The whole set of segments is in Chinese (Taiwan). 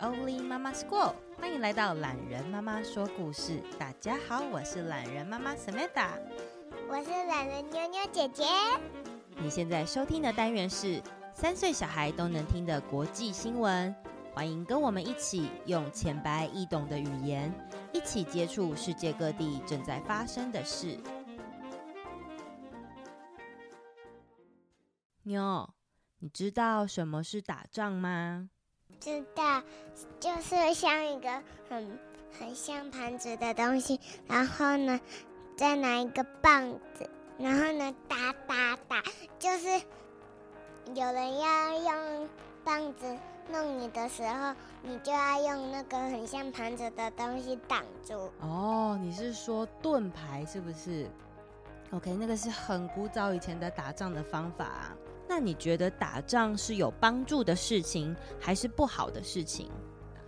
Oli Mama School，歡迎來到欖仁媽媽說故事。大家好，我是欖仁媽媽 Samantha，我是欖仁妞妞姐姐。你現在收聽的單元是三歲小孩都能聽的國際新聞，歡迎跟我們一起用淺白易懂的語言，一起接觸世界各地正在發生的事。妞，你知道什麼是打仗嗎？知道，就是像一個很很像盤子的東西，然後呢，再拿一個棒子，然後呢打打打，就是有人要用棒子弄你的時候，你就要用那個很像盤子的東西擋住。哦，你是說盾牌是不是？OK，那個是很古早以前的打仗的方法啊。那你覺得打仗是有幫助的事情，還是不好的事情？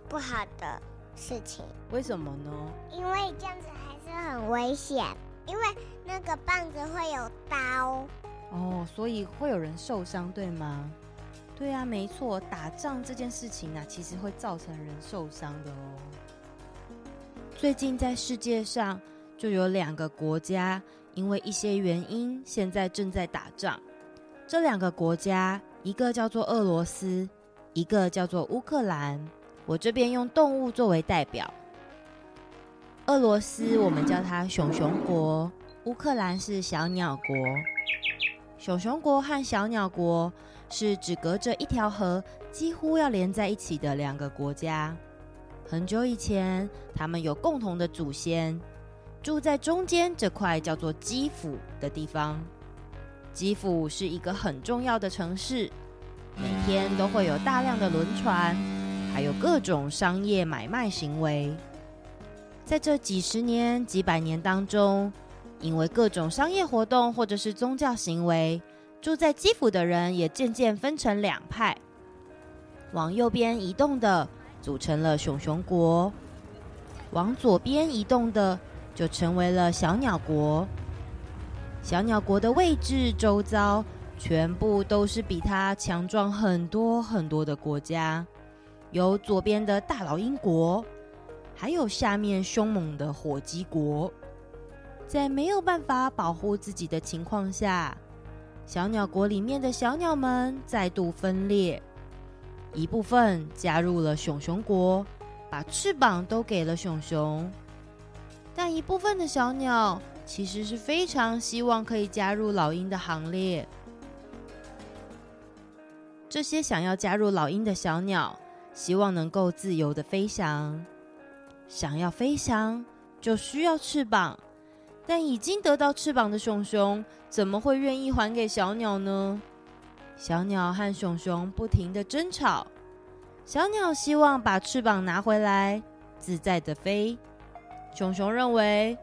不好的事情。為什麼呢？因為這樣子還是很危險，因為那個棒子會有刀。哦，所以會有人受傷，對嗎？對啊，沒錯，打仗這件事情啊，其實會造成人受傷的哦。嗯。最近在世界上就有兩個國家。因為一些原因，現在正在打仗。這兩個國家，一個叫做俄羅斯，一個叫做烏克蘭。我這邊用動物作為代表。俄羅斯我們叫它熊熊國，烏克蘭是小鳥國。熊熊國和小鳥國是只隔着一條河，幾乎要連在一起的兩個國家。很久以前，他們有共同的祖先。住在中間這塊叫做基輔的地方，基輔是一個很重要的城市，每天都會有大量的輪船，還有各種商業買賣行為。在這幾十年、幾百年當中，因為各種商業活動或者是宗教行為，住在基輔的人也漸漸分成兩派：往右邊移動的組成了熊熊國，往左邊移動的。就成為了小鳥國。小鳥國的位置周遭全部都是比它強壯很多很多的國家，有左邊的大老鷹國，還有下面凶猛的火雞國。在沒有辦法保護自己的情況下，小鳥國裡面的小鳥們再度分裂，一部分加入了熊熊國，把翅膀都給了熊熊。但一部分的小鳥其實是非常希望可以加入老鷹的行列。這些想要加入老鷹的小鳥，希望能夠自由的飛翔。想要飛翔就需要翅膀，但已經得到翅膀的熊熊怎麼會願意還給小鳥呢？小鳥和熊熊不停的爭吵。小鳥希望把翅膀拿回來，自在的飛。熊熊認為，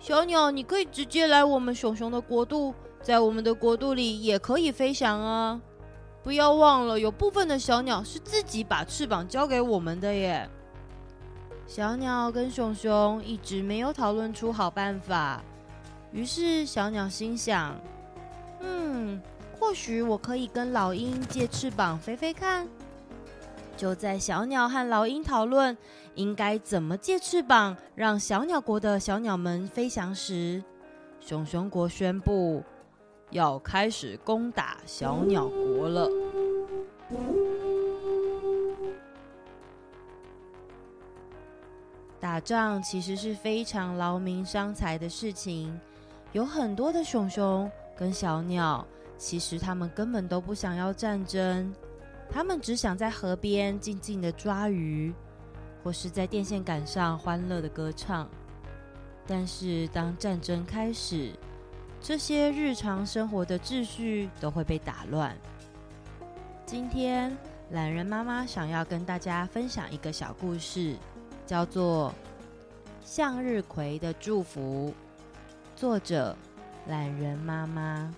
小鳥，你可以直接來我們熊熊的國度，在我們的國度裡也可以飛翔啊！不要忘了，有部分的小鳥是自己把翅膀交給我們的耶。小鳥跟熊熊一直沒有討論出好辦法，於是小鳥心想：嗯，或許我可以跟老鷹借翅膀飛飛看。就在小鳥和老鷹討論應該怎麼借翅膀讓小鳥國的小鳥們飛翔時，熊熊國宣布要開始攻打小鳥國了。打仗其實是非常勞民傷財的事情，有很多的熊熊跟小鳥，其實他們根本都不想要戰爭。他們只想在河邊靜靜的抓魚，或是在電線桿上歡樂的歌唱。但是當戰爭開始，這些日常生活的秩序都會被打亂。今天，欖仁媽媽想要跟大家分享一個小故事，叫做《向日葵的祝福》，作者：欖仁媽媽。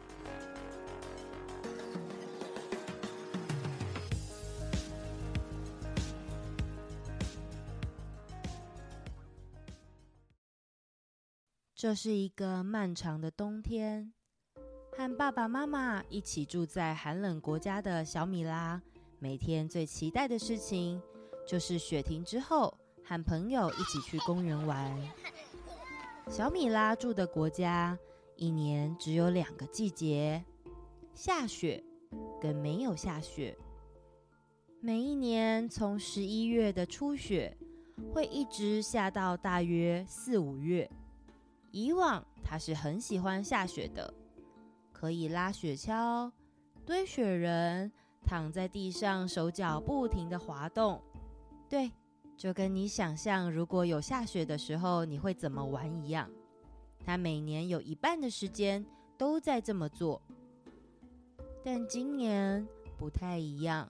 這是一個漫長的冬天，和爸爸媽媽一起住在寒冷國家的小米拉，每天最期待的事情就是雪停之後，和朋友一起去公園玩。小米拉住的國家一年只有兩個季節：下雪跟沒有下雪。每一年從十一月的初雪會一直下到大約四五月。以往他是很喜歡下雪的，可以拉雪橇、堆雪人、躺在地上手腳不停地滑動。對，就跟你想象如果有下雪的時候你會怎麼玩一樣。他每年有一半的時間都在這麼做，但今年不太一樣。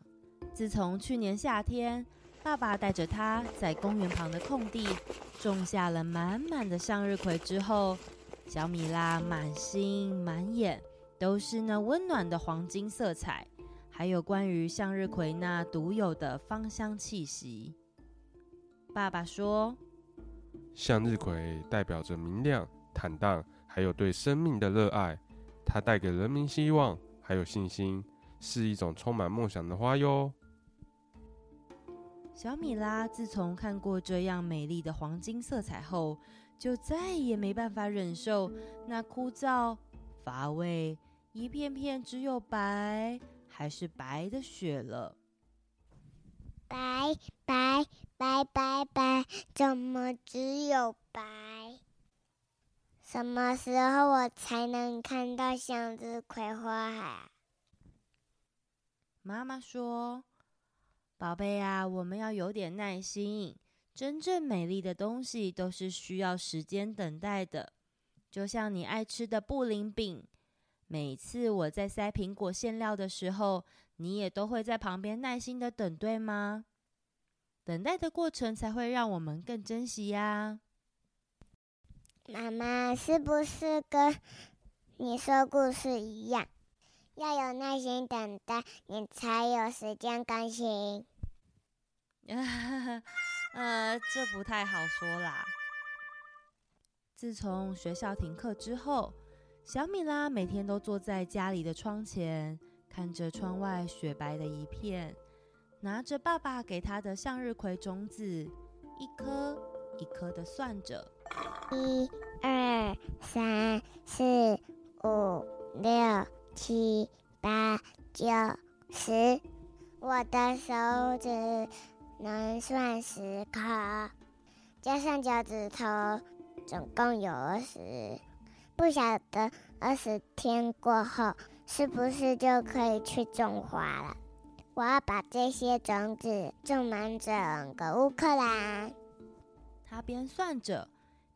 自從去年夏天。爸爸帶着他在公園旁的空地種下了滿滿的向日葵。之後，小米拉滿心滿眼都是那溫暖的黃金色彩，還有關於向日葵那獨有的芳香氣息。爸爸說：“向日葵代表着明亮、坦蕩，還有對生命的熱愛。它帶給人民希望，還有信心，是一種充滿夢想的花喲。”小米拉自從看過這樣美麗的黃金色彩後，就再也沒辦法忍受那枯燥乏味、一片片只有白還是白的雪了。白白白白白，怎麼只有白？什麼時候我才能看到向日葵花海啊？媽媽說。寶貝呀，我們要有點耐心。真正美麗的東西都是需要時間等待的，就像你愛吃的布林餅。每次我在塞蘋果餡料的時候，你也都會在旁邊耐心的等，對嗎？等待的過程才會讓我們更珍惜呀。媽媽，是不是跟你說故事一樣？要有耐心等待，你才有時間更新。 呃，這不太好說啦。自從學校停課之後，小米拉每天都坐在家裡的窗前，看着窗外雪白的一片，拿着爸爸給她的向日葵種子，一顆一顆的算着。一、二、三、四、五、六。七八九十，我的手指能算十顆，加上腳趾頭，總共有二十。不曉得二十天過後是不是就可以去種花了？我要把這些種子種滿整個烏克蘭。他邊算着，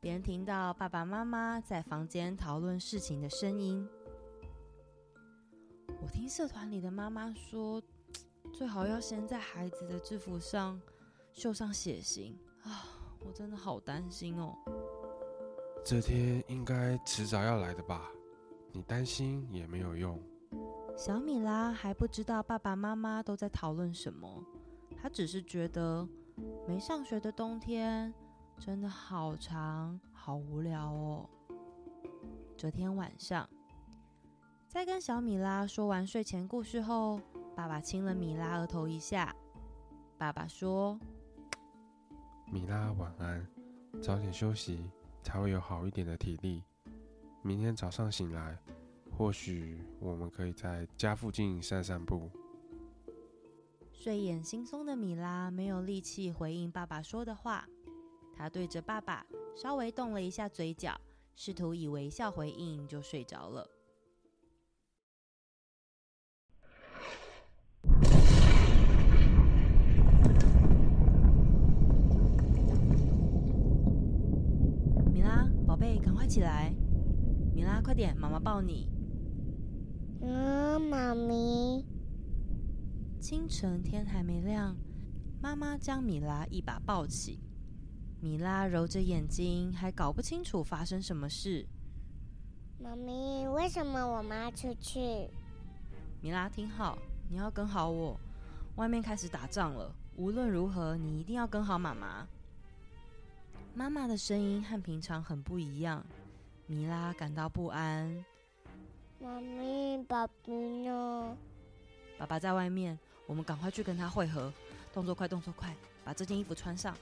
邊聽到爸爸媽媽在房間討論事情的聲音。我聽社團裡的媽媽說，最好要先在孩子的制服上繡上血型啊！我真的好擔心哦。這天應該遲早要來的吧？你擔心也沒有用。小米拉還不知道爸爸媽媽都在討論什麼，他只是覺得沒上學的冬天真的好長，好無聊哦。這天晚上。在跟小米拉說完睡前故事後，爸爸親了米拉額頭一下。爸爸說：“米拉，晚安，早點休息，才會有好一點的體力。明天早上醒來，或許我們可以在家附近散散步。”睡眼惺忪的米拉沒有力氣回應爸爸說的話，她對着爸爸稍微動了一下嘴角，試圖以微笑回應，就睡着了。起來，米拉，快點，媽媽抱你。媽、嗯、媽咪！清晨天還沒亮，媽媽將米拉一把抱起。米拉揉着眼睛，還搞不清楚發生什麼事。媽咪，為什麼我媽出去？米拉，聽好，你要跟好我。外面開始打仗了，無論如何，你一定要跟好媽媽。媽媽的聲音和平常很不一樣。米拉感到不安。媽咪，爸爸呢？爸爸在外面，我們趕快去跟他會合。動作快，動作快，把這件衣服穿上。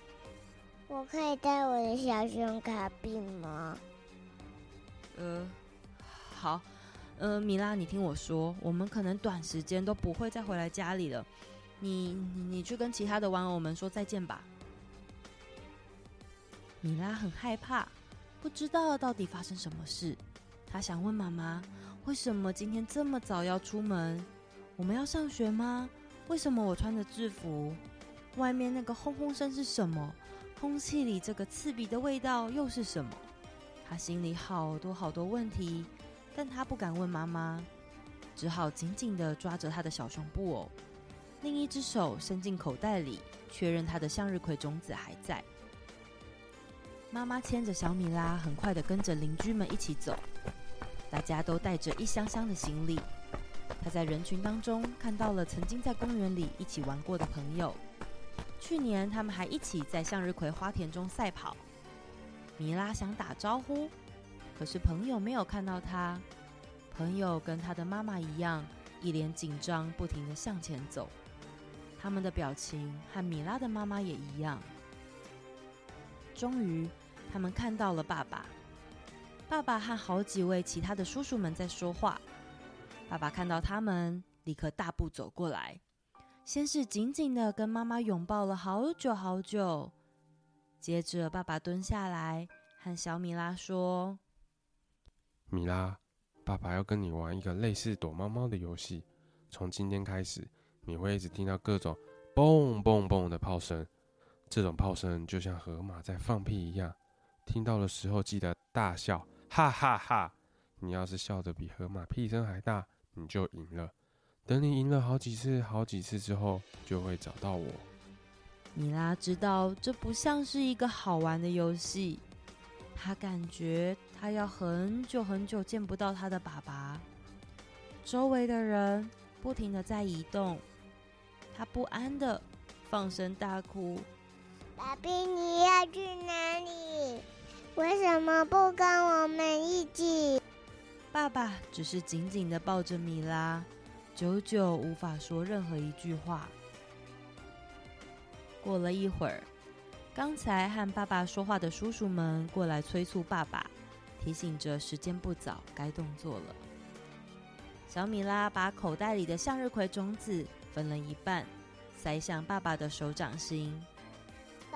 我可以帶我的小熊卡比嗎？呃，好，嗯、呃，米拉，你聽我說，我們可能短時間都不會再回來家裡了。你，你，你去跟其他的玩偶們說再見吧。米拉很害怕。不知道到底發生什麼事，他想問媽媽為什麼今天這麼早要出門？我們要上學嗎？為什麼我穿着制服？外面那個轟轟聲是什麼？空氣裡這個刺鼻的味道又是什麼？他心裡好多好多問題，但他不敢問媽媽，只好緊緊的抓着他的小熊布偶，另一隻手伸進口袋裡，確認他的向日葵種子還在。媽媽牽着小米拉，很快地跟着鄰居們一起走。大家都帶着一箱箱的行李。她在人群當中看到了曾經在公園裡一起玩過的朋友。去年他們還一起在向日葵花田中賽跑。米拉想打招呼，可是朋友沒有看到她。朋友跟她的媽媽一樣，一臉緊張，不停地向前走。他們的表情和米拉的媽媽也一樣。終於，他們看到了爸爸。爸爸和好幾位其他的叔叔們在說話。爸爸看到他們，立刻大步走過來，先是緊緊的跟媽媽擁抱了好久好久。接着，爸爸蹲下來，和小米拉說：“米拉，爸爸要跟你玩一個類似躲貓貓的遊戲。從今天開始，你會一直聽到各種‘嘣嘣嘣’的炮聲。”這種炮聲就像河馬在放屁一樣，聽到的時候記得大笑，哈哈哈哈！你要是笑得比河馬屁聲還大，你就贏了。等你贏了好幾次、好幾次之後，就會找到我。米拉知道這不像是一個好玩的遊戲，他感覺他要很久很久見不到他的爸爸。周圍的人不停地在移動，他不安地放聲大哭。爸爸，你要去哪裡？為什麼不跟我們一起？爸爸只是緊緊的抱着米拉，久久無法說任何一句話。過了一會兒，剛才和爸爸說話的叔叔們過來催促爸爸，提醒着時間不早，該動作了。小米拉把口袋裡的向日葵種子分了一半，塞向爸爸的手掌心。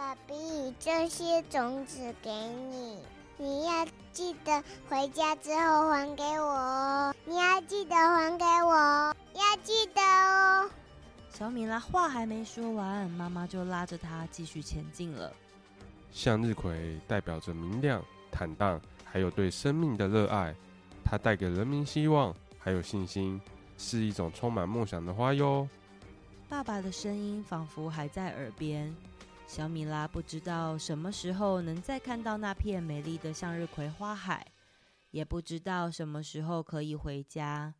爸比，這些種子給你，你要記得回家之後還給我哦。你要記得還給我哦，要記得哦。小米拉話還沒說完，媽媽就拉着他繼續前進了。向日葵代表着明亮、坦蕩，還有對生命的熱愛。它帶給人民希望，還有信心，是一種充滿夢想的花喲。爸爸的聲音仿佛還在耳邊。小米拉不知道什麼時候能再看到那片美麗的向日葵花海，也不知道什麼時候可以回家，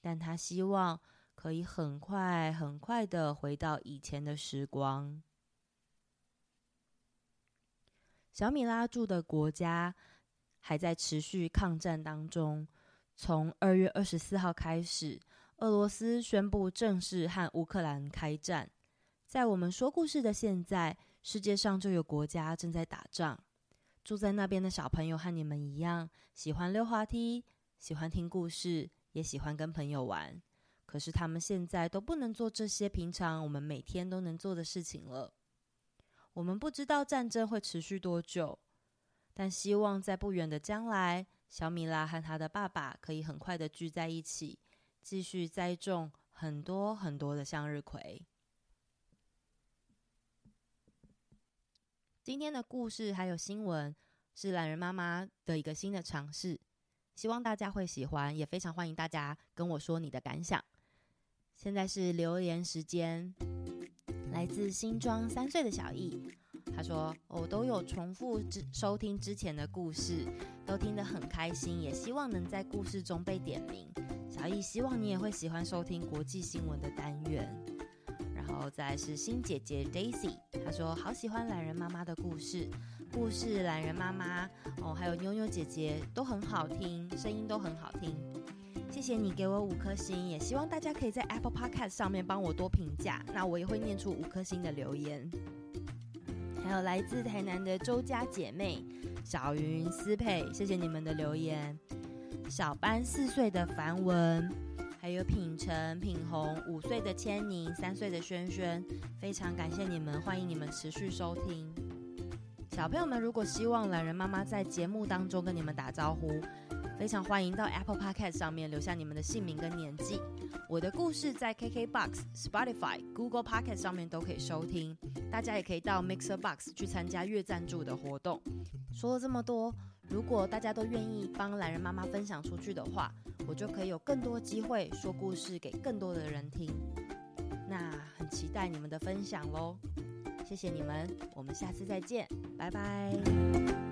但他希望可以很快很快的回到以前的時光。小米拉住的國家還在持續抗戰當中，從二月二十四號開始，俄羅斯宣布正式和烏克蘭開戰。在我們說故事的現在，世界上就有國家正在打仗，住在那邊的小朋友和你們一樣，喜歡溜滑梯，喜歡聽故事，也喜歡跟朋友玩。可是他們現在都不能做這些平常我們每天都能做的事情了。我們不知道戰爭會持續多久，但希望在不遠的將來，小米拉和他的爸爸可以很快的聚在一起，繼續栽種很多很多的向日葵。今天的故事還有新聞是欖仁媽媽的一個新的嘗試，希望大家會喜歡，也非常歡迎大家跟我說你的感想。現在是留言時間，來自新莊三歲的小藝。他說：“我、哦、都有重複之收聽之前的故事，都聽得很開心，也希望能在故事中被點名。小”小藝希望你也會喜歡收聽國際新聞的單元。然、哦、後再是新姐姐 Daisy，她說好喜歡欖仁媽媽的故事，故事欖仁媽媽哦，還有妞妞姐姐都很好聽，聲音都很好聽。謝謝你給我五顆星，也希望大家可以在 Apple Podcast 上面幫我多評價，那我也會念出五顆星的留言。還有來自台南的周家姐妹小云思佩，謝謝你們的留言。小班四歲的梵文。還有品成、品紅，五歲的千寧，三歲的軒軒，非常感謝你們，歡迎你們持續收聽。小朋友們，如果希望欖仁媽媽在節目當中跟你們打招呼，非常歡迎到 Apple Podcast 上面留下你們的姓名跟年紀。我的故事在 KK Box、Spotify、Google Podcast 上面都可以收聽，大家也可以到 Mixer Box 去參加月贊助的活動。說了這麼多。如果大家都願意幫欖仁媽媽分享出去的話，我就可以有更多機會說故事給更多的人聽。那很期待你們的分享嘍，謝謝你們，我們下次再見，拜拜。